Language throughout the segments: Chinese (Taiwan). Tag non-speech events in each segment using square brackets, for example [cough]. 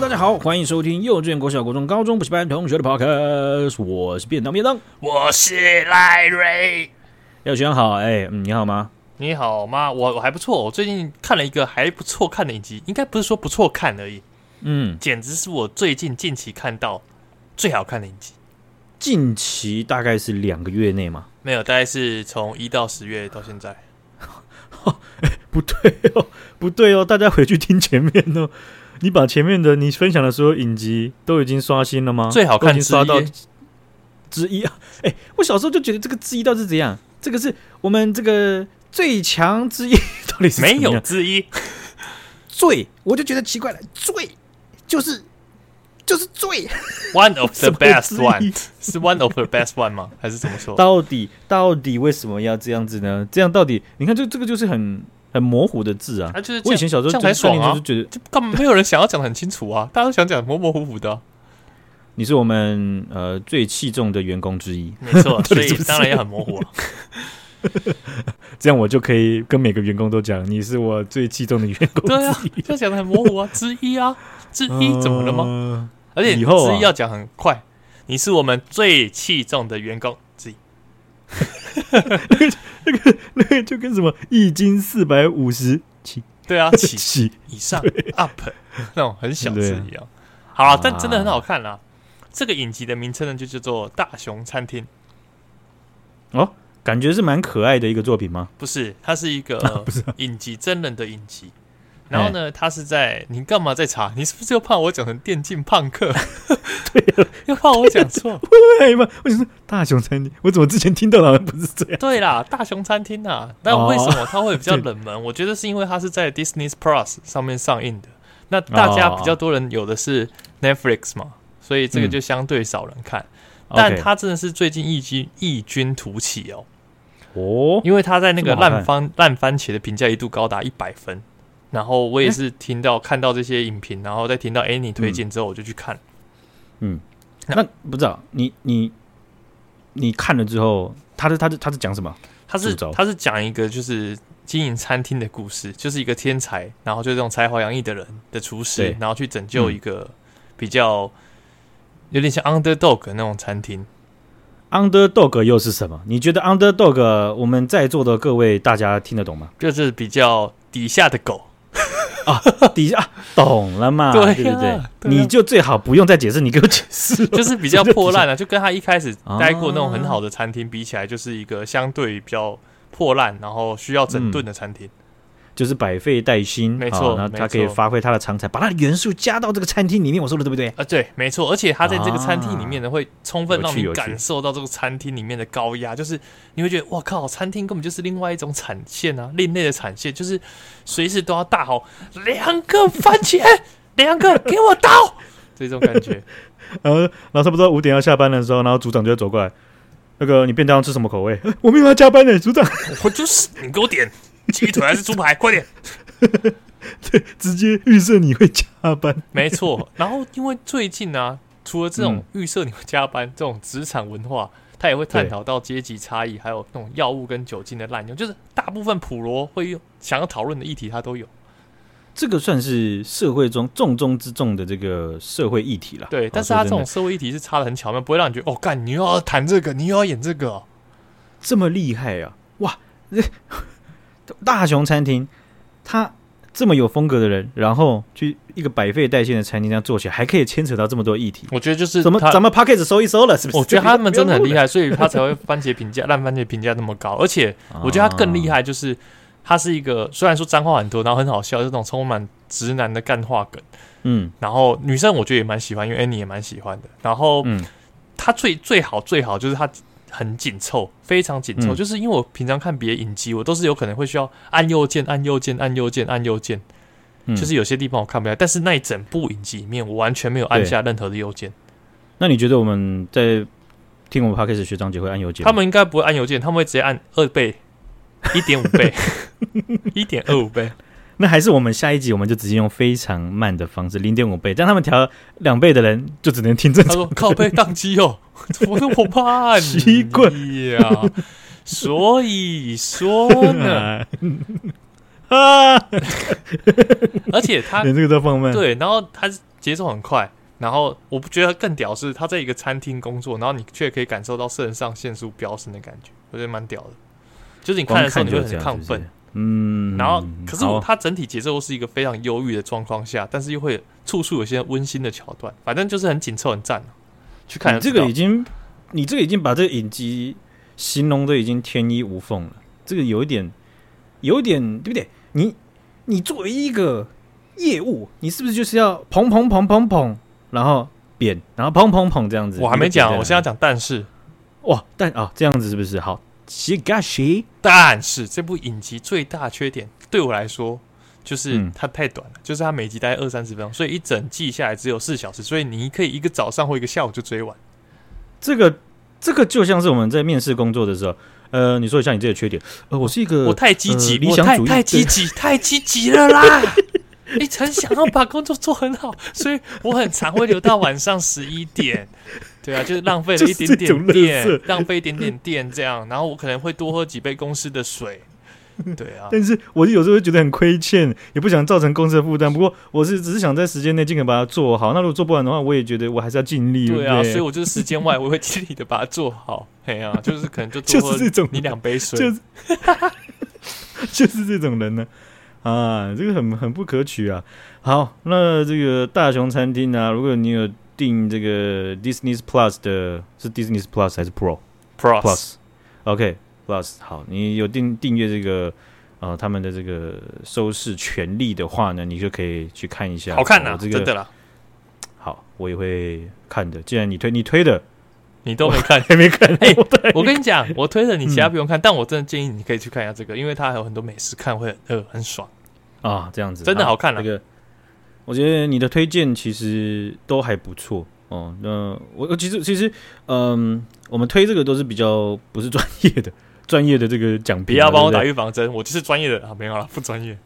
大家好，歡迎收聽幼稚園、國小、國中、高中補習班同學的 Podcast，我是便當，便當，我是賴瑞。要選好，哎，嗯，你好嗎？你好嗎？我我還不錯，我最近看了一個還不錯看的影集，應該不是說不錯看而已，嗯，簡直是我最近近期看到最好看的影集。近期大概是兩個月內嗎？沒有，大概是從一到十月到現在，欸，不對哦，不對哦，大家回去聽前面哦。你把前面的你分享的所有影集都已經刷新了嗎？最好看已經刷到之，之一啊！哎、欸，我小時候就覺得這個之一到底是怎樣？這個是我們這個最強之一，到底是怎麼樣？沒有之一？ [laughs] 最我就覺得奇怪了，最就是就是最，one of the best one [laughs] 是 one of the best one 嗎？還是怎麼說？到底到底為什麼要這樣子呢？這樣到底你看就這個就是很。很模糊的字啊！啊、就是這樣，我以前小時候才爽啊，就是覺得，就根本沒有人想要講的很清楚啊，大家都想講模模糊糊的啊。你是我們呃最器重的員工之一，沒錯，所以當然也很模糊。啊。是是 [laughs] 這樣我就可以跟每個員工都講，你是我最器重的員工之一。對啊，就講的很模糊啊，之一啊，之一怎麼了嗎？呃、而且之後要講很快，啊、你是我們最器重的員工之一。 [laughs] [laughs] 那個那個就跟什麼一斤四百五十七，起對啊，七七起以上對 up 那種很小字一樣。啊、好、啊，但真的很好看啊。啊這個影集的名稱呢，就叫做大《大熊餐廳》。哦，感覺是蠻可愛的一個作品嗎？不是，它是一個、呃啊是啊、影集，真人的影集。然後呢？嗯、他是在，你幹嘛在查？你是不是又怕我講成電競胖客？ [laughs] 對了， [laughs] 又怕我講錯。為什麼？為什麼？大熊餐廳？我怎麼之前聽到的不是這樣？對啦，大熊餐廳啊。但為什麼它會比較冷門？哦、我覺得是因為它是在 Disney Plus 上面上映的。了那大家比較多人有的是 Netflix 嘛，所以這個就相對少人看。嗯、但它真的是最近異軍異軍突起哦。哦，因為他在那個爛番爛番茄的評價一度高達一百分。然後我也是聽到看到這些影評，欸、然後再聽到哎、欸、你推薦之後我就去看。嗯，那不知道你你你看了之後，他是他是他,他是講什麼？他是他是講一個就是經營餐廳的故事，就是一個天才，然後就是這種才華洋溢,溢的人的廚師，對然後去拯救一個比較有點像 underdog 那種餐廳。underdog 又是什麼？你覺得 underdog 我們在座的各位大家聽得懂嗎？就是比較底下的狗。啊，底下 [laughs] 懂了嘛？對啊，對對對，對啊，你就最好不用再解釋，你給我解釋，就是比較破爛啊，就跟他一開始待過那種很好的餐廳比起來，就是一個相對比較破爛，然後需要整頓的餐廳。嗯就是百廢待興，沒錯錯，然後他可以發揮他的長才，錯把他的元素加到這個餐廳裡面。我說的對不對？啊、呃，對，沒錯。而且他在這個餐廳裡面呢，啊、會充分讓你感受到這個餐廳裡面的高壓，就是你會覺得哇靠，餐廳根本就是另外一種產線啊，另類的產線，就是隨時都要大吼兩個番茄，兩 [laughs] 個給我刀 [laughs] 這種感覺。然後，然後差不多五點要下班的時候，然後組長就會走過來，那個你便當吃什麼口味？欸、我沒有要加班的、欸，組長。我就是你給我點。 [laughs] 雞腿還是豬排？快點！ [laughs] 對，直接預設你會加班，沒錯。然後，因為最近啊，除了這種預設你會加班、嗯、這種職場文化，他也會探討到階級差異，對還有那種藥物跟酒精的濫用。就是大部分普羅會想要討論的議題，他都有。這個算是社會中重中之重的這個社會議題了。對，但是他這種社會議題是插得很巧妙，不會讓你覺得哦，干，你又要談這個，你又要演這個，這麼厲害啊！哇！欸大熊餐廳，他這麼有風格的人，然後去一個百廢待興的餐廳這樣做起來，還可以牽扯到這麼多議題。我覺得就是怎麼咱們 package 收一收了，是不是？我覺得他們真的很厲害，所以他才會番茄評價、爛 [laughs] 番茄評價那麼高。而且我覺得他更厲害，就是他是一個雖然說髒話很多，然後很好笑，這種充滿直男的乾話梗。嗯，然後女生我覺得也蠻喜歡，因為安妮也蠻喜歡的。然後，嗯，他最最好最好就是他。很緊湊，非常緊湊，嗯、就是因為我平常看別的影集，我都是有可能會需要按右鍵、按右鍵、按右鍵、按右鍵，按右鍵嗯、就是有些地方我看不了。但是那一整部影集裡面，我完全沒有按下任何的右鍵。那你覺得我們在聽我們 podcast 學長姐會按右鍵？他們應該不會按右鍵，他們會直接按二倍、一點五倍、一點二五倍。 [laughs] 那還是我們下一集，我們就直接用非常慢的方式，零點五倍，讓他們調兩倍的人就只能聽這種。他說靠背宕機哦。我說 [laughs] 我怕你呀、啊，所以說呢，啊，而且他這個對，然後他節奏很快，然後我不覺得更屌是他在一個餐廳工作，然後你卻可以感受到腎上腺素飆升的感覺，我覺得蠻屌的。就是你看的時候你會很亢奮，嗯，然後可是他它整體節奏是一個非常憂鬱的狀況下，但是又會處處有些溫馨的橋段，反正就是很緊湊，很讚。看，這個已經，你這個已經把這個影集形容的已經天衣無縫了，這個有一點，有一點對不對？你你作為一個業務，你是不是就是要砰砰砰砰砰，然後扁，然後砰砰砰這樣子？我還沒講，我現在要講，但是哇，但啊、哦、這樣子是不是好？Shi g s h 但是這部影集最大缺點，對我來說。就是它太短了，嗯、就是它每集大概二三十分鐘，所以一整季下來只有四小時，所以你可以一個早上或一個下午就追完。這個這個就像是我們在面試工作的時候，呃，你說一下你這個缺點，呃，我是一個我，我太積極，呃、我太太積極，理想主義，太積極了啦！你曾 [laughs] 想要把工作做很好，所以我很常會留到晚上十一點。對啊，就是浪費了一點點電，浪費一點點電這樣，然後我可能會多喝幾杯公司的水。對啊，但是我有時候會覺得很虧欠，也不想造成公司的負擔。不過我是只是想在時間內盡可能把它做好。那如果做不完的話，我也覺得我還是要盡力。對啊，對對，所以我就是時間外 [laughs] 我會盡力的把它做好。哎呀、啊，就是可能就就是這種你兩杯水，就是這種人呢啊，啊，這個很很不可取啊。好，那這個大熊餐廳啊，如果你有訂這個 Disney Plus 的，是 Disney Plus 還是 Pro Plus？OK Plus.、okay.。s 好，你有訂訂閱這個呃，他們的這個收視權利的話呢，你就可以去看一下。好看的、啊哦，這個真的啦。好，我也會看的。既然你推你推的，你都沒看，也沒看。我跟你講，我推的你其他不用看，嗯、但我真的建議你可以去看一下這個，因為它還有很多美食，看會很呃很爽啊。這樣子真的好看了、啊啊。這個我覺得你的推薦其實都還不錯哦。那我其實其實嗯、呃，我們推這個都是比較不是專業的。專業的這個講，不要幫我打預防針，對對，我就是專業的啊，沒有啦，不專業，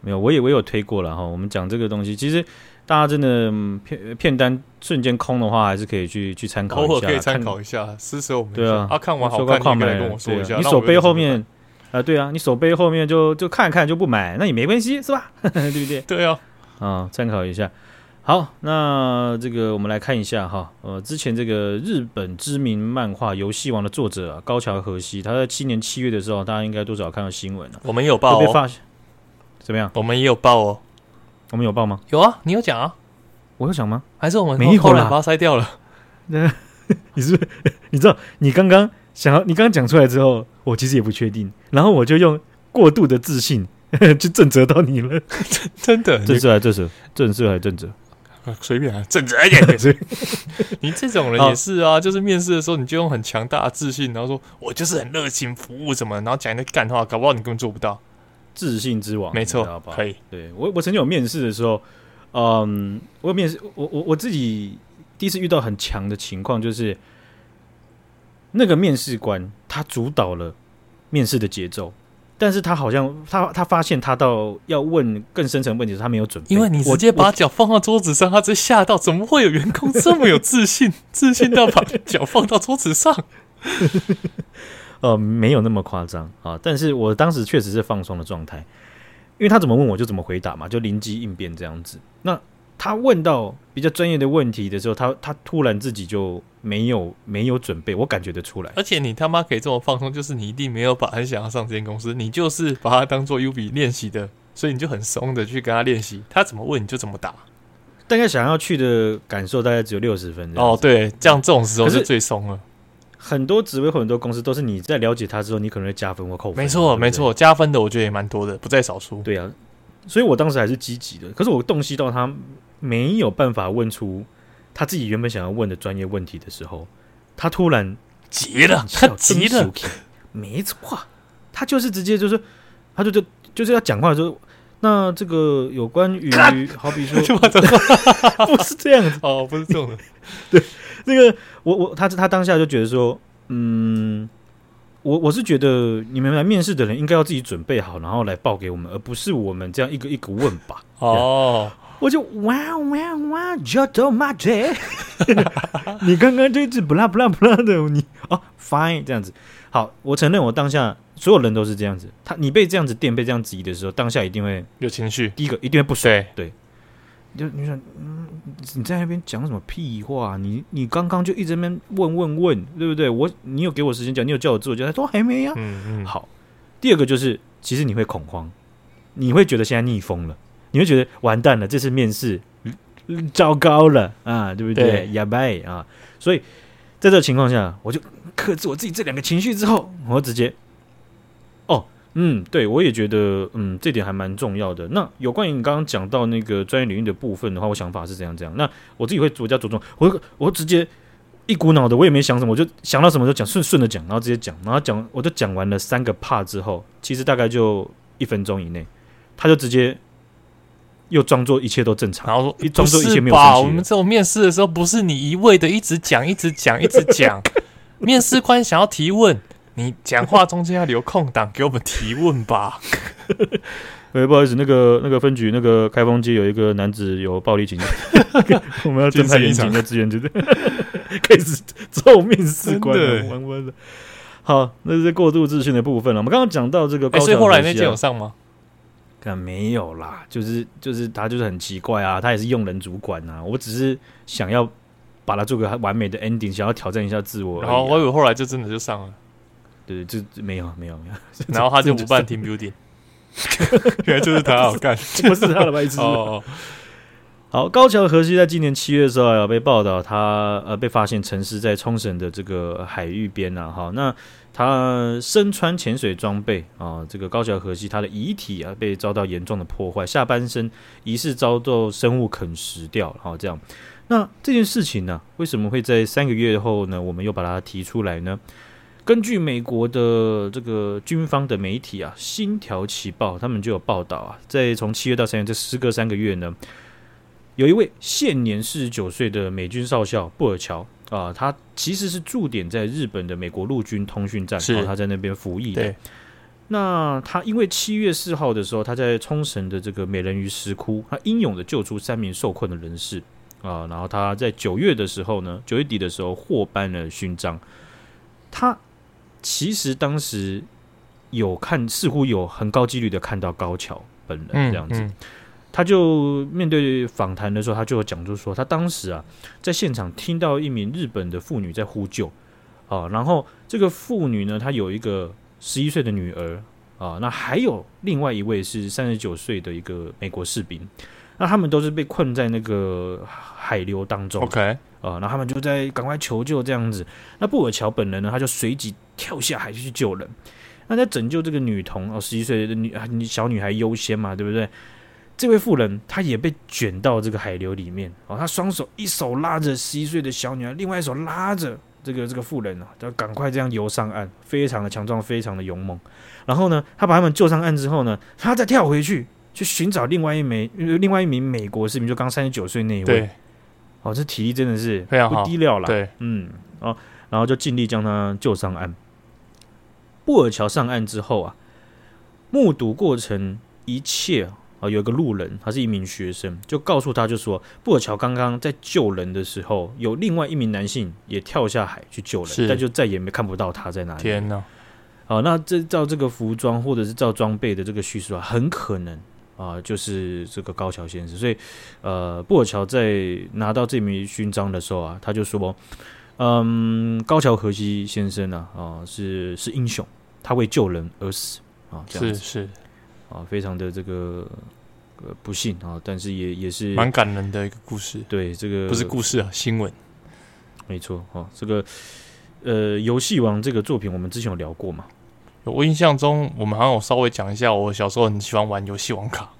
沒有，我也我也有推過了哈。我們講這個東西，其實大家真的、嗯、片片單瞬間空的話，還是可以去去參考、考一下，可以參考一下，支持我們。對啊，啊，看完好看點，你手背後面，啊，對啊，你手背後面就就看看就不買，那也沒關係，是吧？ [laughs] 對不對？對哦。啊，參、啊、考一下。好，那這個我們來看一下哈，呃，之前這個日本知名漫畫《遊戲王》的作者、啊、高橋和希，他在七年七月的時候，大家應該多少看到新聞了、啊。我們有報哦。怎麼樣？我們也有報哦。我們有報嗎？有啊，你有講啊。我有講嗎？還是我們？你一口喇叭塞掉了。有 [laughs] 你是不是？你知道？你剛剛想要，你剛剛講出來之後，我其實也不確定。然後我就用過度的自信 [laughs] 去震懾到你了。真 [laughs] 真的，震懾還是震懾？震懾還是震懾？啊，隨便、啊、便，啊，正直一點也是。你這種人也是啊，好就是面試的時候，你就用很強大的自信，然後說，我就是很熱情服務什麼，然後講一個乾話，搞不好你根本做不到。自信之王，沒錯錯，好好可以。對我，我曾經有面試的時候，嗯，我有面試，我我我自己第一次遇到很強的情況，就是那個面試官他主導了面試的節奏。但是他好像他他發現他到要問更深層問題是他沒有準備，因為你直接把腳放到桌子上，我他直接嚇到。怎麼會有員工這麼有自信？ [laughs] 自信到把腳放到桌子上？呃，沒有那麼誇張啊。但是我當時確實是放鬆的狀態，因為他怎麼問我就怎麼回答嘛，就臨機應變這樣子。那。他問到比較專業的問題的時候，他他突然自己就沒有沒有準備，我感覺得出來。而且你他媽可以這麼放鬆，就是你一定沒有把很想要上這間公司，你就是把它當做 U B 練習的，所以你就很鬆的去跟他練習，他怎麼問你就怎麼答。大概想要去的感受大概只有六十分哦，對，這樣這種時候是最鬆了。很多職位和很多公司都是你在了解他之後，你可能會加分或扣分。沒錯，對不對？沒錯，加分的我覺得也蠻多的，不在少數。對啊，所以我當時還是積極的，可是我洞悉到他沒有辦法問出他自己原本想要問的專業問題的時候，他突然急了，他急了。沒錯，他就是直接就是，他就就就是要講話說，那這個有關於，啊、好比說、哦，不是這樣子哦，不是這種的。對，那個我我他他當下就覺得說，嗯，我我是覺得你們來面試的人應該要自己準備好，然後來報給我們，而不是我們這樣一個一個問吧。哦。我就哇哇哇，腳都麻嘴。你剛剛就一直不拉不拉不拉的你哦，fine 這樣子。好，我承認我當下所有人都是這樣子。他你被這樣子電被這樣子移的時候，當下一定會有情緒。第一個一定會不爽，對，對。就你想，嗯，你在那邊講什麼屁話？你你剛剛就一直在那邊問問問，對不對？我你有給我時間講，你有叫我做，就代說還沒呀、啊。嗯嗯，好。第二個就是，其實你會恐慌，你會覺得現在逆風了。你會覺得完蛋了，這次面試、嗯、糟糕了、嗯、啊，對不對？やばい啊！所以在這個情況下，我就克制我自己這兩個情緒之後，我直接哦，嗯，對，我也覺得嗯，這點還蠻重要的。那有關於你剛剛講到那個專業領域的部分的話，我想法是怎樣怎樣？那我自己會主要着重，我我直接一股腦的，我也沒想什麼，我就想到什麼就講，順順着講，然後直接講，然後講，我就講完了三個 part 之後，其實大概就一分鐘以內，他就直接又裝作一切都正常，然後說，不是吧？又裝作一切沒有發生。我們這種面試的時候，不是你一味的一直講、一直講、一直講。 [laughs] 面試官想要提問，你講話中間要留空檔給我們提問吧。哎 [laughs] 欸，不好意思，那個、那個分局、那個開封街有一個男子有暴力傾向， [laughs] [laughs] 我們要增派人手的支援，絕 [laughs] 對 [laughs] 開始做面試官，彎彎的，的。好，那是過度自信的部分了。我們剛剛講到這個、啊欸，所以後來那間有上嗎？啊，沒有啦，就是就是他就是很奇怪啊，他也是用人主管啊，我只是想要把他做個完美的 ending，想要挑戰一下自我，啊。然後我以為後來就真的就上了，對，就沒有沒有沒有，沒有沒有 [laughs] 然後他就不辦 Team Building，原來就是他好看，就 [laughs] 是他的意思哦。Oh, oh. 好，高橋和希在今年七月的時候、啊，有被報道，他呃被發現沉屍在沖繩的這個海域邊吶、啊。哈，那他身穿潛水裝備啊，這個高橋和希他的遺體啊，被遭到嚴重的破壞，下半身疑似遭到生物啃食掉。好，這樣，那這件事情呢、啊，為什麼會在三個月後呢，我們又把它提出來呢？根據美國的這個軍方的媒體啊，《星條旗報》他們就有報道啊，在從七月到三月這時隔三個月呢。有一位現年四十九歲的美軍少校布爾喬啊，他其實是駐點在日本的美國陸軍通訊站，是然後他在那邊服役。對，那他因為七月四號的時候，他在沖繩的這個美人魚石窟，他英勇的救出三名受困的人士啊、呃，然後他在九月的時候呢，九月底的時候獲頒了勳章。他其實當時有看，似乎有很高幾率的看到高橋本人、嗯嗯、這樣子。他就面對訪談的時候，他就有講說，就說他當時啊，在現場聽到一名日本的婦女在呼救，啊，然後這個婦女呢，她有一個十一歲的女兒，啊，那還有另外一位是三十九歲的一個美國士兵，那他們都是被困在那個海流當中，OK，啊，那他們就在趕快求救這樣子，那布爾喬本人呢，他就隨即跳下海去救人，那在拯救這個女童，哦、啊，十一歲的女小女孩優先嘛，對不對？這位婦人，她也被捲到這個海流裡面哦。她雙手一手拉着十一歲的小女孩，另外一手拉着這個這個婦人啊，就趕快這樣游上岸，非常的強壯，非常的勇猛。然後呢，他把他們救上岸之後呢，他再跳回去去尋找另外一枚，另外一名美國士兵，就剛三十九歲那一位。對哦，這體力真的是非常不低料了。對，嗯，哦，然後就盡力將他救上岸。布爾橋上岸之後啊，目睹過程一切。啊，有一個路人，他是一名學生，就告訴他就說，布爾喬剛剛在救人的時候，有另外一名男性也跳下海去救人，是但就再也沒看不到他在哪裡。天吶、啊！啊，那這照這個服裝或者是照裝備的這個敘述啊，很可能啊就是這個高橋先生。所以，呃，布爾喬在拿到這枚勳章的時候啊，他就說：“嗯，高橋和希先生呢、啊，啊是是英雄，他為救人而死啊，這樣子是。是”啊，非常的這個呃不幸啊，但是也也是蠻感人的一個故事。對，這個不是故事啊，新聞。沒錯，哈，啊，這個呃，遊戲王這個作品，我們之前有聊過嘛？我印象中，我們好像有稍微講一下。我小時候很喜歡玩遊戲王卡，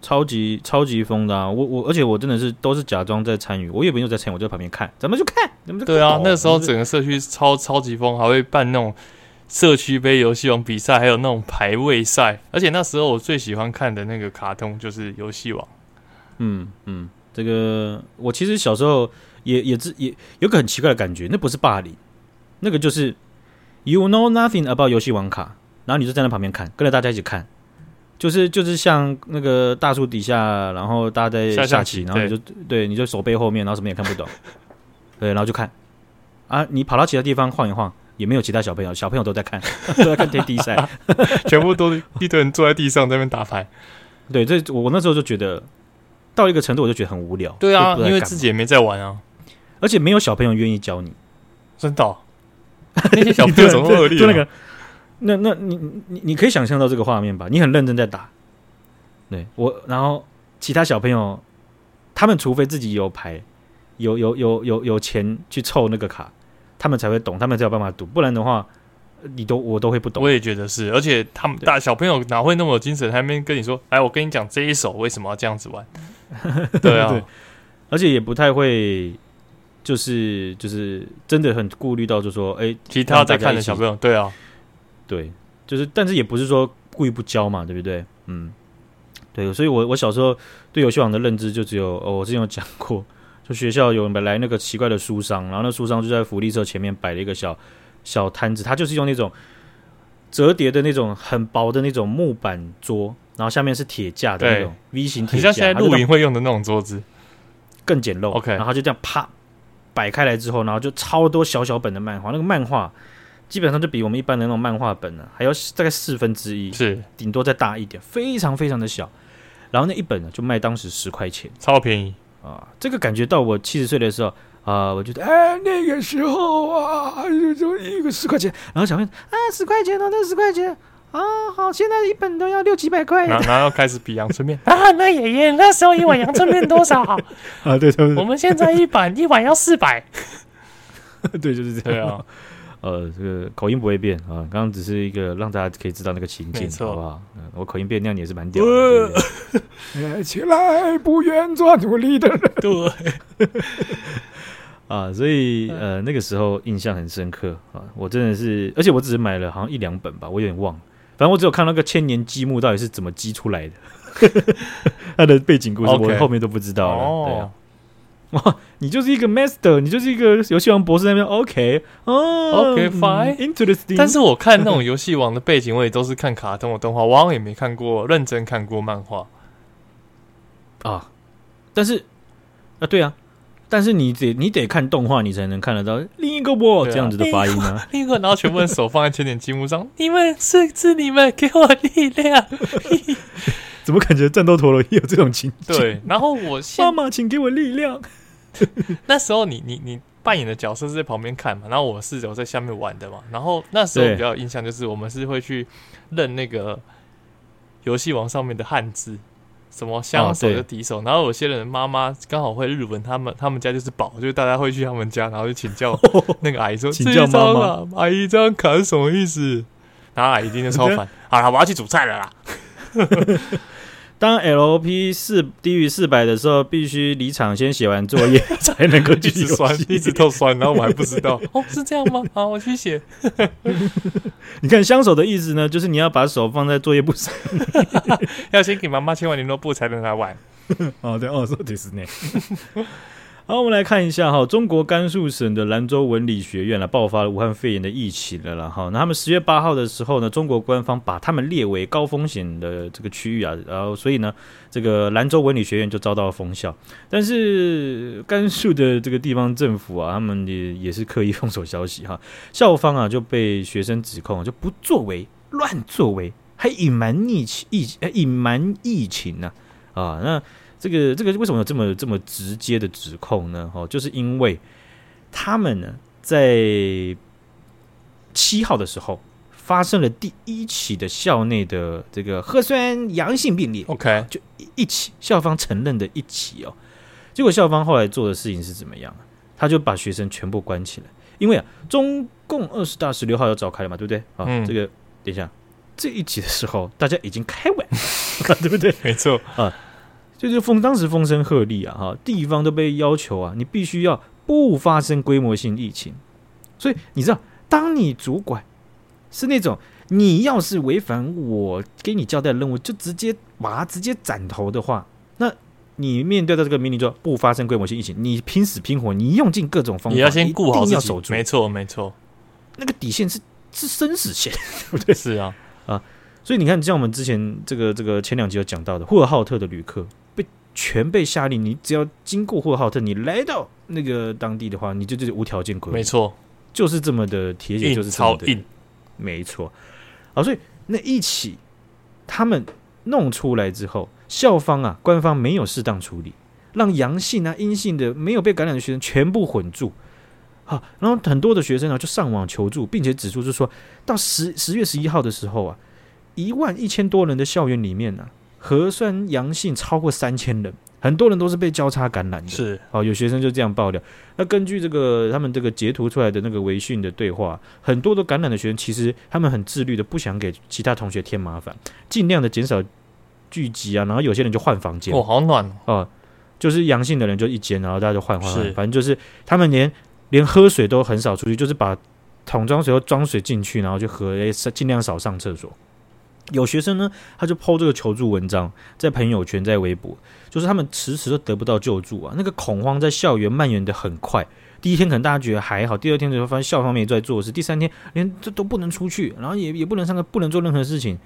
超級超級瘋的啊！我我，而且我真的是都是假裝在參與，我也沒有在參與？我就在旁邊看，咱們就看，咱們就對啊。那個時候整個社區超超級瘋，還會辦那種。社區杯遊戲王比賽，還有那種排位賽，而且那時候我最喜歡看的那個卡通就是遊戲王。嗯嗯，這個我其實小時候也也也有個很奇怪的感覺，那不是霸凌，那個就是 you know nothing about 遊戲王卡，然後你就站在那旁邊看，跟着大家一起看，就是就是像那個大樹底下，然後大家在下棋，下下棋，然後你就對，對你就手背後面，然後什麼也看不懂， [laughs] 對，然後就看啊，你跑到其他地方晃一晃。也沒有其他小朋友，小朋友都在看，都在看天梯賽， [laughs] 全部都一堆人坐在地上在那邊打牌。 [laughs] 對，這我那時候就覺得到一個程度，我就覺得很無聊。對啊，因為自己也沒在玩啊，而且沒有小朋友願意教你。真的、哦，那些小朋友怎麼惡劣？ [laughs] 就那個，那那你你你可以想象到這個畫面吧？你很認真在打，對我，然後其他小朋友他們除非自己有牌，有有有有有錢去湊那個卡。他們才會懂，他們才有辦法讀，不然的話，你都我都會不懂。我也覺得是，而且他們大小朋友哪會那麼有精神？對還沒跟你說，哎，我跟你講這一手，為什麼要這樣子玩？ [laughs] 對啊，對，而且也不太會，就是就是真的很顧慮到就是，就說哎，其他在看的小朋友，對啊，對，就是，但是也不是說故意不教嘛，對不對？嗯，對，所以我我小時候對遊戲王的認知就只有，哦、我之前有講過。學校有來那個奇怪的書商，然後那書商就在福利社前面擺了一個小小攤子，他就是用那種折疊的那種很薄的那種木板桌，然後下面是鐵架的那種 V 型鐵架，你像現在露營會用的那種桌子，更簡陋。OK，然後就這樣啪擺開來之後，然後就超多小小本的漫畫，那個漫畫基本上就比我們一般的那種漫畫本呢、啊、還要大概四分之一，是頂多再大一點，非常非常的小。然後那一本呢就賣當時十塊錢，超便宜。啊、這個感覺到我七十歲的時候啊，我覺得哎，那個時候啊，就一個十塊錢，然後小朋友說啊，十塊錢，那十塊錢啊，好，現在一本都要六七百塊，然後開始比陽春麵 [laughs] 啊，那爺爺那時候一碗陽春麵多少 [laughs] 啊？對對，對我們現在一碗 [laughs] 一碗要四百， [laughs] 對，就是這樣。呃，這個口音不會變啊、呃，剛剛只是一個讓大家可以知道那個情景，錯好不好、呃？我口音變那樣也是蠻屌的。呃、對來起來，不願做奴隸的人，對。啊、 [laughs] 呃，所以呃，那個時候印象很深刻啊、呃，我真的是，而且我只是買了好像一兩本吧，我有點忘了，反正我只有看那個千年積木到底是怎麼積出來的，他 [laughs] 的背景故事我後面都不知道了。Okay . Oh. 對啊。哇，你就是一個 master，你就是一個遊戲王博士那邊 OK，哦，OK，fine，interesting。但是我看那種遊戲王的背景， [laughs] 我也都是看卡通的動畫，我也沒看過，認真看過漫畫啊。但是啊，對啊，但是你得你得看動畫，你才能看得到另一個我這樣子的發音啊。啊，另一個，另一個，然後全部手放在前面積木上， [laughs] 你們是是你們，給我力量。 [laughs] [laughs] 怎麼感覺戰鬥陀螺也有這種情？對，然後我媽媽，請給我力量。 [laughs] 那時候你你你扮演的角色是在旁邊看嘛，然後我是有在下面玩的嘛，然後那時候比較有印象就是我們是會去認那個遊戲王上面的漢字，什麼相手的敵手。啊、然後有些人媽媽剛好會日文，他們他們家就是寶，就是大家會去他們家，然後就請教那個阿姨說，哦、請教媽媽阿姨這樣砍什麼意思？然後阿姨今天超煩，Okay. 好了，我要去煮菜了啦。 [laughs] [laughs] 當 L O P 四低於四百的時候，必須離場，先寫完作業才能夠繼續酸。一直都酸，然後我還不知道 [laughs] 哦，是這樣嗎？好，我去寫。 [laughs] 你看相手的意思呢，就是你要把手放在作業簿上， [laughs] [laughs] [laughs] 要先給媽媽簽完聯絡簿才能來玩。哦對 [laughs] 哦，說迪士尼。哦 [laughs] 好，我們來看一下哈，中國甘肅省的蘭州文理學院了，爆發了武漢肺炎的疫情了了哈。那他們十月八號的時候呢，中國官方把他們列為高風險的這個區域啊，然後所以呢，這個蘭州文理學院就遭到了封校。但是甘肅的這個地方政府啊，他們也也是刻意封鎖消息哈，校方啊就被學生指控就不作為、亂作為，還隱瞞疫情、疫隱瞞疫情呢啊，啊那。這個這個為什麼有這麼這麼直接的指控呢？哦，就是因為他們呢，在七號的時候發生了第一起的校內的這個核酸陽性病例。OK，就一起校方承認的一起哦。結果校方後來做的事情是怎麼樣？他就把學生全部關起來，因為啊，中共二十大十六號要召開了嘛，對不對？啊、哦，嗯、這個等一下這一集的時候大家已經開完， [laughs] 哈哈對不對？沒錯啊。所以就風，當時風聲鶴唳啊，哈，地方都被要求啊，你必須要不發生規模性疫情。所以你知道，當你主管是那種，你要是違反我給你交代的任務，就直接把他直接斬頭的話，那你面對到這個命令，就不發生規模性疫情，你拼死拼活，你用盡各種方法，要先顧好自己一定要守住。沒錯，沒錯，那個底線是是生死線，不錯 [laughs] 對，是啊啊。所以你看，像我們之前這個這個前兩集有講到的，呼和浩特的旅客。全被下令，你只要經過呼和浩特，你來到那個當地的話，你就就是無條件滾。沒錯，就是這麼的鐵血，就是超的。印印沒錯，啊，所以那一起他們弄出來之後，校方啊，官方沒有適當處理，讓陽性啊、陰性的沒有被感染的學生全部混住。好，然後很多的學生啊就上網求助，並且指出就是說到十十月十一號的時候啊，一萬一千多人的校園裡面呢、啊。核酸陽性超過三千人，很多人都是被交叉感染的。是，哦，有學生就這樣爆料。那根據這個他們這個截圖出來的那個微信的對話，很多都感染的學生其實他們很自律的，不想給其他同學添麻煩，盡量的減少聚集啊。然後有些人就換房間。哦，好暖。哦、呃。就是陽性的人就一間，然後大家就換換換。是反正就是他們連連喝水都很少出去，就是把桶裝水和裝水進去，然後就喝，誒，盡量少上廁所。有學生呢，他就拋這個求助文章在朋友圈，在微博，就是他們遲遲都得不到救助啊。那個恐慌在校園蔓延得很快。第一天可能大家覺得還好，第二天就會發現校方也在做事，第三天連這都不能出去，然後也也不能上課，不能做任何事情，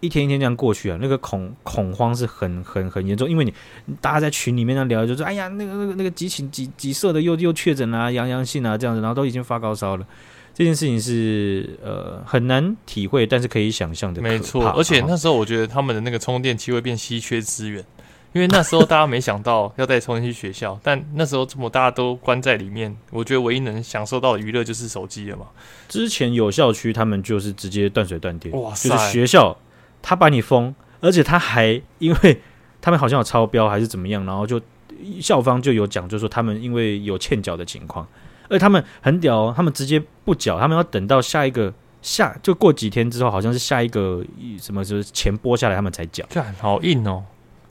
一天一天這樣過去啊。那個恐恐慌是很很很嚴重，因為你，你大家在群裡面那聊、就是，就說哎呀，那個那個那個幾群集集色的又又確診了，陽陽性啊這樣子，然後都已經發高燒了。這件事情是呃很難體會，但是可以想象的。沒錯，而且那時候我覺得他們的那個充電器會變稀缺資源，因為那時候大家沒想到要帶充電器去學校， [laughs] 但那時候怎麼大家都關在裡面，我覺得唯一能享受到的娛樂就是手機了嘛。之前有校區他們就是直接斷水斷電，哇塞，就是學校他把你封，而且他還因為他們好像有超標還是怎麼樣，然後就校方就有講，就是說他們因為有欠繳的情況。而他們很屌，哦，他們直接不繳，他們要等到下一個下，就過幾天之後，好像是下一個什麼，就是錢撥下來，他們才繳。這很好硬哦！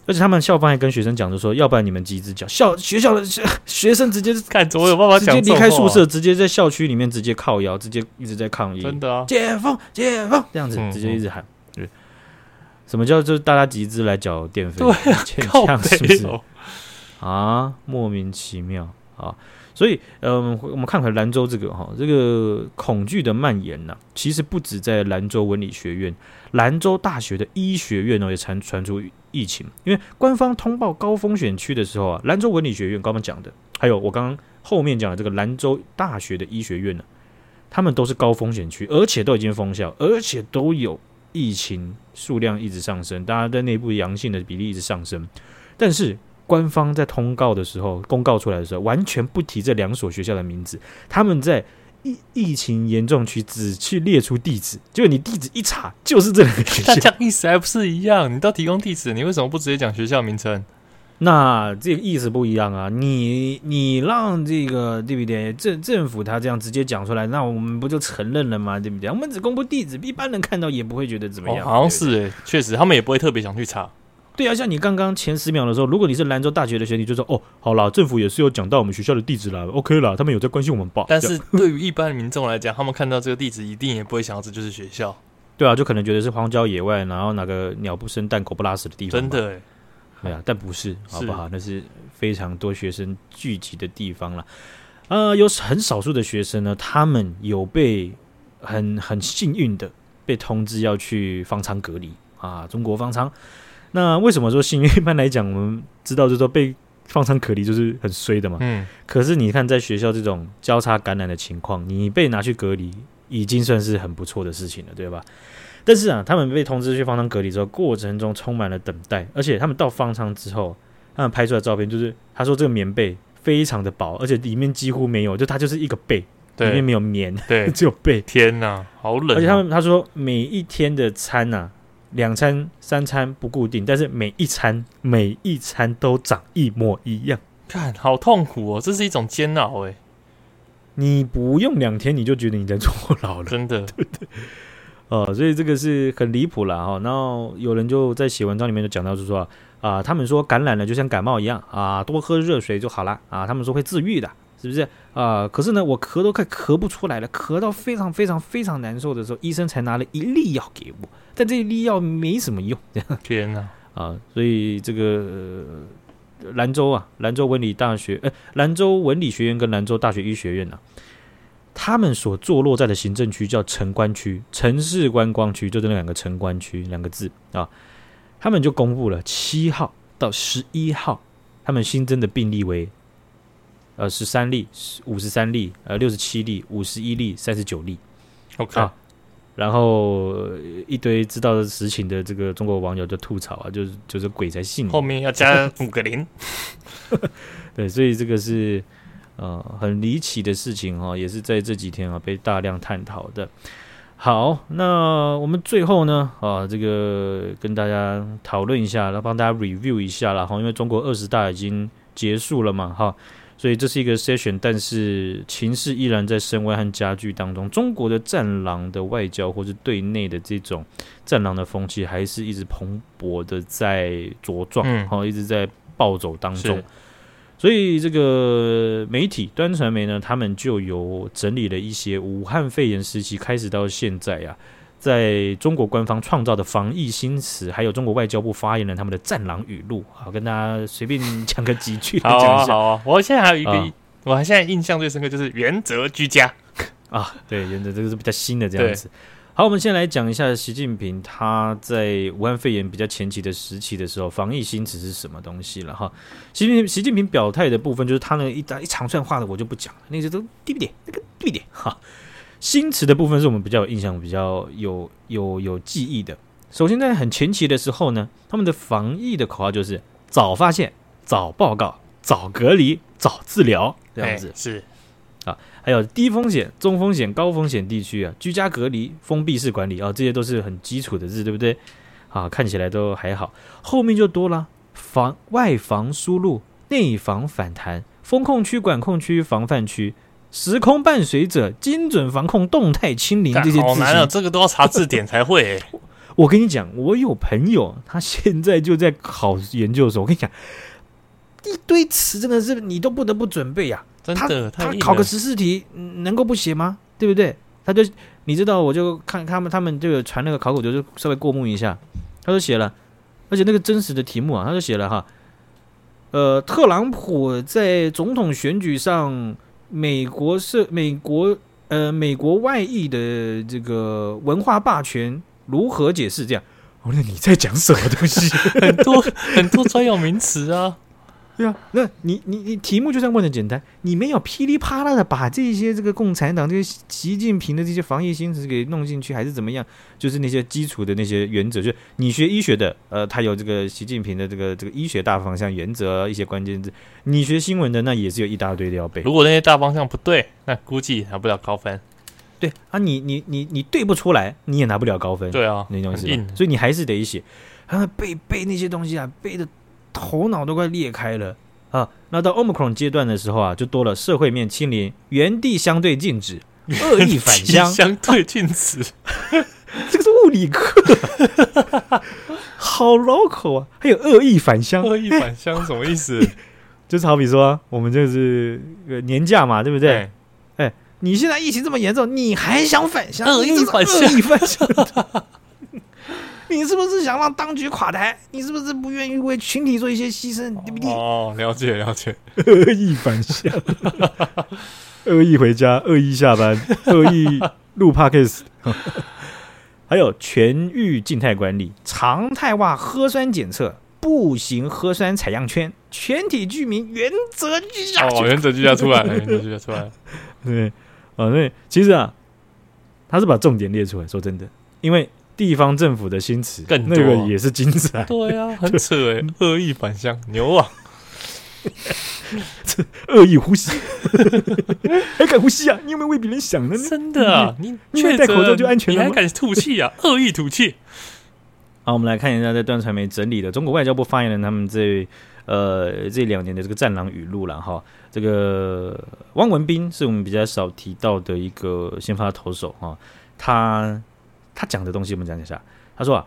而且他們校方還跟學生講，就說要不然你們集資繳，校學校的學，學生直接看怎麼有辦法，啊，直接離開宿舍，直接在校區裡面直接靠腰，直接一直在抗議。真的啊！解封，解封，嗯、哼這樣子，直接一直喊。嗯哼嗯、什麼叫就是大家集資來繳電費？對啊，樣靠北，是不是啊？莫名其妙啊！好所以，嗯，我們看看蘭州這個哈，這個恐懼的蔓延呢、啊，其實不止在蘭州文理學院，蘭州大學的醫學院呢也傳傳出疫情。因為官方通報高風險區的時候啊，蘭州文理學院剛剛講的，還有我剛剛後面講的這個蘭州大學的醫學院呢、啊，他們都是高風險區，而且都已經封校，而且都有疫情數量一直上升，大家的內部陽性的比例一直上升，但是。官方在通告的時候，公告出來的時候，完全不提這兩所學校的名字。他們在疫疫情嚴重區只去列出地址，就你地址一查就是這兩個學校。他講 [laughs] 意思還不是一樣？你都提供地址，你為什麼不直接講學校名稱？那這個意思不一樣啊！你你讓這個對不對？政政府他這樣直接講出來，那我們不就承認了嗎？對不對？我們只公布地址，一般人看到也不會覺得怎麼樣。哦，好像是，對對，確實他們也不會特別想去查。對啊，像你剛剛前十秒的時候，如果你是蘭州大學的學弟，你就說哦，好啦，政府也是有講到我們學校的地址啦。OK 啦，他們有在關心我們吧？但是對於一般的民眾來講，他們看到這個地址，一定也不會想到這就是學校。 [laughs] 對啊，就可能覺得是荒郊野外，然後哪個鳥不生蛋、狗不拉屎的地方。真的哎，呀、啊、但不是，好不好？是那是非常多學生聚集的地方了。呃，有很少數的學生呢，他們有被很很幸運的被通知要去方艙隔離啊，中國方艙。那為什麼說幸運？一般來講，我們知道就是說被方艙隔離就是很衰的嘛。嗯。可是你看，在學校這種交叉感染的情況，你被拿去隔離，已經算是很不錯的事情了，對吧？但是啊，他們被通知去方艙隔離之後，過程中充滿了等待，而且他們到方艙之後，他們拍出來的照片就是，他說這個棉被非常的薄，而且裡面幾乎沒有，就它就是一個被，對裡面沒有棉，對，只有被。天吶、啊，好冷、啊！而且他們他說每一天的餐吶、啊。兩餐三餐不固定，但是每一餐每一餐都長一模一樣，看好痛苦哦，這是一種煎熬哎、欸。你不用兩天你就覺得你在坐牢了，真的對，對對。呃，所以這個是很離譜了哦，然後有人就在寫文章裡面就講到就，就說啊，他們說感染了就像感冒一樣啊、呃，多喝熱水就好了啊、呃，他們說會自愈的。是不是啊？可是呢，我咳都快咳不出來了，咳到非常非常非常難受的時候，醫生才拿了一粒藥給我，但這一粒藥沒什麼用。呵呵天哪啊！所以這個呃、蘭州啊，蘭州文理大學，呃，蘭州文理學院跟蘭州大學醫學院啊，他們所坐落在的行政區叫城關區，城市觀光區，就這兩個城關區兩個字啊，他們就公布了七號到十一號他們新增的病例為。呃，十三例，五十三例，呃，六十七例，五十一例，三十九例，OK。啊，然後一堆知道的實情的這個中國網友就吐槽啊，就是就是鬼才信。後面要加五個零， [laughs] [laughs] 對，所以這個是呃很離奇的事情哈、哦，也是在這幾天啊被大量探討的。好，那我們最後呢啊，這個跟大家討論一下，來幫大家 review 一下啦。因為中國二十大已經結束了嘛，哈。所以這是一個 session，但是情勢依然在升溫和加劇當中。中國的戰狼的外交或是對內的這種戰狼的風氣，還是一直蓬勃的在茁壯，嗯哦、一直在暴走當中。是所以這個媒體端傳媒呢，他們就有整理了一些武漢肺炎時期開始到現在啊。在中國官方創造的防疫新詞，還有中國外交部發言人他們的戰狼語錄，好，跟大家隨便講個幾句 [laughs] 好、啊好，啊好啊、我現在還有一個，啊、我現在印象最深刻就是原則居家啊，對，原則這個是比較新的這樣子。對好，我們先來講一下習近平他在武漢肺炎比較前期的時期的時候，防疫新詞是什麼東西了哈。習近平習近平表態的部分，就是他那一大一長串話的，我就不講了，那些、個、都低不點那個低不點哈。新詞的部分是我們比較有印象、比較有有有記憶的。首先，在很前期的時候呢，他們的防疫的口號就是“早發現、早報告、早隔離、早治療”這樣子。是啊，還有低風險、中風險、高風險地區啊，居家隔離、封閉式管理啊，這些都是很基礎的字，對不對？啊，看起來都還好。後面就多了，防外防輸入、內防反彈、封控區、管控區、防範區。時空伴隨者、精準防控、動態清零，這些好難啊！這個都要查字典才會 [laughs] 我。我跟你講，我有朋友，他現在就在考研究所，我跟你講，一堆詞真的是你都不得不準備呀、啊。真的，他，他考個十四題，能夠不寫嗎？對不對？他就你知道，我就看他們，他們就有傳那個考古題，就稍微過目一下。他就寫了，而且那個真實的題目啊，他就寫了哈。呃，特朗普在總統選舉上。美國是美國呃，美國外溢的這個文化霸權如何解釋？這樣，那你在講什麼東西？ [laughs] [laughs] 很多很多專有名詞啊。對啊，那你你你題目就算問的簡單，你沒有噼里啪啦的把這些這個共產黨、這些習、習近平的這些防疫心思給弄進去，還是怎麼樣？就是那些基礎的那些原則，就是你學醫學的，呃，他有這個習近平的這個這個醫學大方向、原則一些關鍵字；你學新聞的，那也是有一大堆的要背。如果那些大方向不對，那估計拿不了高分。對啊，你你你你對不出來，你也拿不了高分。對啊，那東西。硬所以你還是得寫，啊，背背那些東西啊，背的。頭腦都快裂開了啊！那到 Omicron 階段的時候啊，就多了社會面清零、原地相對禁止、惡意返鄉相對禁止。啊、 [laughs] 這個是物理課， [laughs] 好 local 啊！還有惡意返鄉，惡意返鄉什麼意思？哎、就是好比說、啊，我們就是年假嘛，對不對、哎哎？你現在疫情這麼嚴重，你還想返鄉？惡意返鄉，惡意返鄉,惡意返鄉。 [laughs] 你是不是想讓當局垮台？你是不是不願意為群體做一些犧牲？對不對？哦，了解了解，惡意返鄉， [laughs] 惡意回家，惡意下班，惡意錄 Podcast, [laughs] 還有全域靜態管理、常態化核酸檢測、步行核酸採樣圈、全體居民原則居家。哦，原則居家出來了， [laughs] 原則居家出來了，對，哦，對，其實啊，他是把重點列出來說真的，因為。地方政府的心“新詞、啊”更那個也是精彩“金子”啊，對啊，很扯哎、欸，對惡意返鄉牛啊， [laughs] 惡意呼吸 [laughs] 還敢呼吸啊？你有沒有為別人想的呢？真的啊，你你也確戴口罩就安全了，你還敢吐氣啊？ [laughs] 惡意吐氣。好，我們來看一下，在端傳媒整理的中國外交部發言人他們這呃這兩年的這個“戰狼語錄啦”語錄了哈。這個汪文斌是我們比較少提到的一個先發投手哈，他。他講的東西，我們講一下。他說啊：“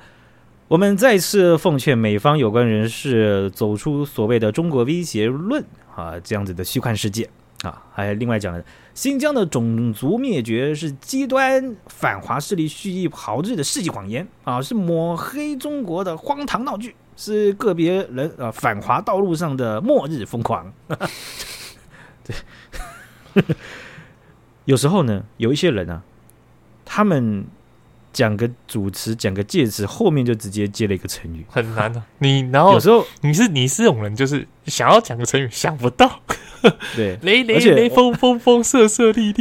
我們再次奉勸美方有關人士走出所謂的‘中國威脅論’啊，這樣子的虛幻世界啊。”還有另外講的，新疆的種族滅絕是極端反華勢力蓄意炮制的世紀謊言啊，是抹黑中國的荒唐鬧劇，是個別人啊反華道路上的末日瘋狂。 [laughs] 對 [laughs] 有時候呢，有一些人呢啊，他們。講個主持，講個介詞，後面就直接接了一個成語，很難的、啊。你然後有時候你是你是這種人，就是想要講個成語想不到， [laughs] 對雷雷雷，雷，雷我風風風瑟瑟地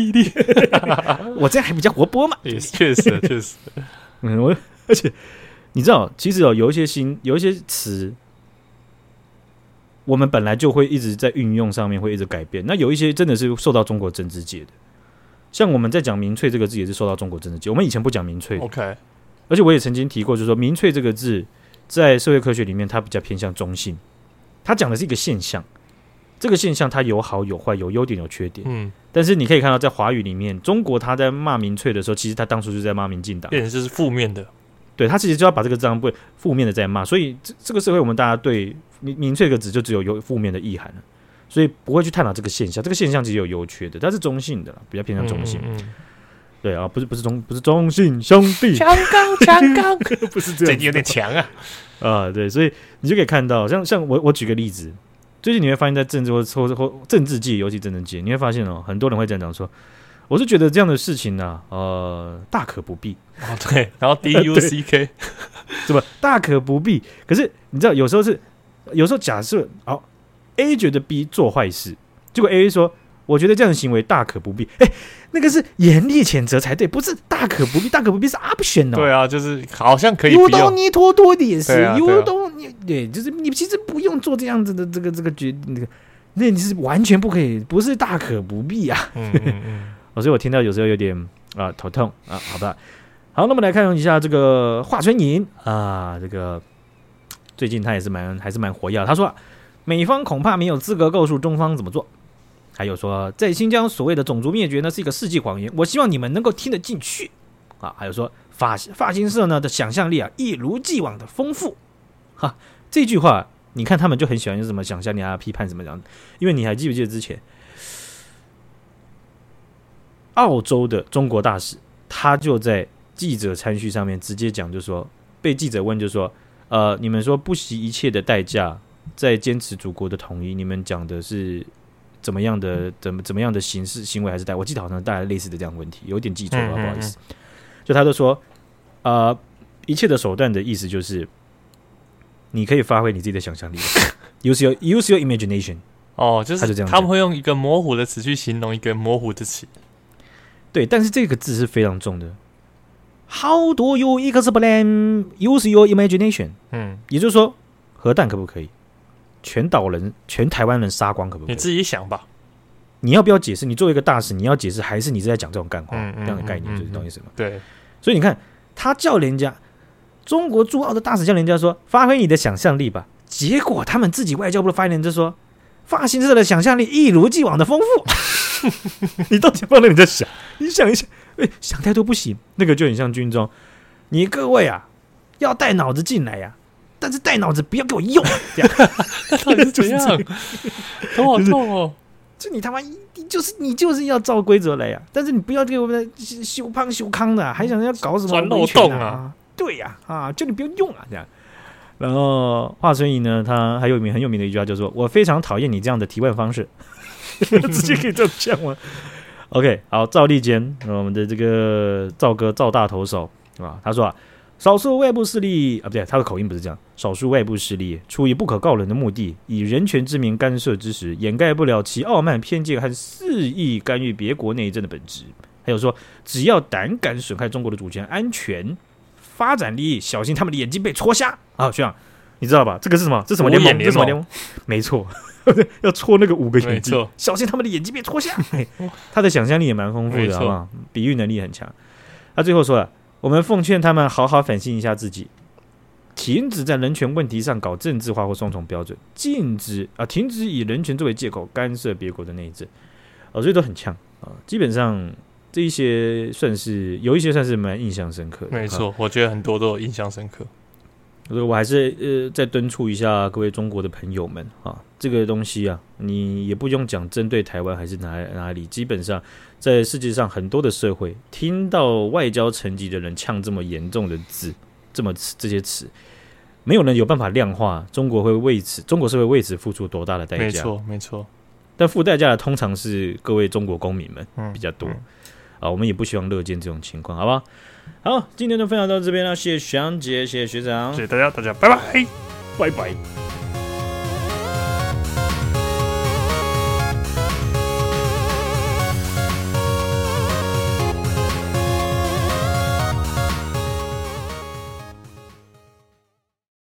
我這樣還比較活潑嘛，也是確實確實、 [laughs] 嗯，我而且你知道，其實哦有一些新有一些詞，我們本來就會一直在運用上面會一直改變，那有一些真的是受到中國政治界的。像我們在講“民粹”這個字也是受到中國政治界，我們以前不講“民粹”的。OK，而且我也曾經提過，就是說“民粹”這個字在社會科學裡面它比較偏向中性，它講的是一個現象。這個現象它有好有壞，有優點有缺點。嗯，但是你可以看到，在華語裡面，中國他在罵“民粹”的時候，其實他當初就在罵民進黨，變成是負面的。對，他其實就要把這個字當不負面的在罵，所以這這個社會我們大家對“民民粹”這個字就只有有負面的意涵所以不會去探討這個現象，這個現象其實有優缺的，它是中性的啦，比較偏向中性。嗯嗯嗯，對啊，不是不是中不是中性，兄弟，強高強高不是這真的有點強啊啊！對，所以你就可以看到，像像我我舉個例子，最近你會發現，在政治或或政治界，尤其是政治界，你會發現哦、喔，很多人會這樣講說，我是覺得這樣的事情呢、啊，呃，大可不必啊。對，然後 D U C K，是吧對 [laughs] 大可不必？可是你知道有，有時候是有時候假設好。啊 A 覺得 B 做壞事，結果 A 說：“我覺得這樣的行為大可不必。欸”哎，那個是嚴厲譴責才對，不是大可不必。大可不必是 option 哦。對啊，就是好像可以。You don't need to do this 也是 you don't need，對，啊、對，就是你其實不用做這樣子的這個這個決那個，那你是完全不可以，不是大可不必啊。嗯嗯嗯哦、所以我聽到有時候有點啊頭痛啊，好吧。好，那麼來看一下這個華春瑩啊，這個最近他也是蠻還是蠻活躍。他說、啊。美方恐怕沒有資格告訴中方怎麼做。還有說，在新疆所謂的種族滅絕呢，是一個世紀謊言。我希望你們能夠聽得進去啊。還有說法法新社呢的想象力啊，一如既往的豐富。哈，這句話你看他們就很喜歡用什麼想象力啊、批判什麼講，因為你還記不記得之前澳洲的中國大使，他就在記者餐敘上面直接講，就說被記者問，就說呃，你們說不惜一切的代價。在堅持祖國的統一，你們講的是怎麼樣的，怎麼怎麼樣的形式，行為，還是帶，我記得好像帶來類似的這樣的問題，有點記錯了，不好意思。就他都說，呃，一切的手段的意思就是，你可以發揮你自己的想象力 [laughs] ，use your use your imagination。哦，就是他就這樣，他們會用一個模糊的詞去形容一個模糊的詞。對，但是這個字是非常重的。How do you explain use your imagination？嗯，也就是說，核彈可不可以？全島人、全台灣人殺光，可不可以？你自己想吧。你要不要解釋？你作為一個大使，你要解釋，還是你是在講這種幹話、嗯嗯嗯嗯嗯這樣的概念就是？是懂意思嗎？對。所以你看，他叫人家中國駐澳的大使叫人家說：“發揮你的想象力吧。”結果他們自己外交部的發言人就說：“法新社的想象力一如既往的豐富。” [laughs] [laughs] 你到底放在那裡在想？你想一想，哎、欸，想太多不行。那個就很像軍中。你各位啊，要帶腦子進來呀、啊。但是帶腦子，不要給我用、啊，這樣 [laughs] 到底是怎樣？ [laughs] 就是、頭好痛哦！就是、就你他媽，就是你就是要照規則來呀、啊！但是你不要給我們修胖修康的、啊，還想要搞什麼漏洞啊？啊對呀、啊，啊！就你不要用啊這樣。然後華春瑩呢，他還有一名很有名的一句話，就是說，我非常討厭你這樣的提問方式， [laughs] 直接可以這樣講嗎？OK，好，趙立堅，我們的這個趙哥趙大投手，是吧？他說啊。少數外部勢力啊，不對、啊，他的口音不是這樣。少數外部勢力出於不可告人的目的，以人權之名干涉之時，掩蓋不了其傲慢偏見和肆意干預別國內政的本質。還有說，只要膽敢損害中國的主權、安全、發展利益，小心他們的眼睛被戳瞎啊！學長，你知道吧？這個是什麼？這什麼聯盟？五眼聯盟這什麼聯盟？沒錯， [laughs] 要戳那個五個眼睛，錯小心他們的眼睛被戳瞎。 [laughs] 他的想象力也蠻豐富的，錯吧比喻，能力很強。他、啊、最後說了。我們奉勸他們好好反省一下自己，停止在人權問題上搞政治化或雙重標準，禁止啊，停止以人權作為借口干涉別國的內政。啊、哦，所以都很嗆啊，基本上這一些算是有一些算是蠻印象深刻的。沒錯，啊、我覺得很多都印象深刻。嗯所以我我還是呃，再敦促一下各位中國的朋友們啊，這個東西啊，你也不用講針對台灣還是哪哪裡，基本上在世界上很多的社會，聽到外交層級的人嗆這麼嚴重的字，這麼這些詞，沒有人有辦法量化中國會為此，中國社會為此付出多大的代價。沒錯，沒錯。但付代價的通常是各位中國公民們比較多，嗯嗯、啊，我們也不希望樂見這種情況，好吧？好，今天的分享到這邊了，謝謝學姐，謝謝學長，謝謝大家，大家拜拜，拜拜。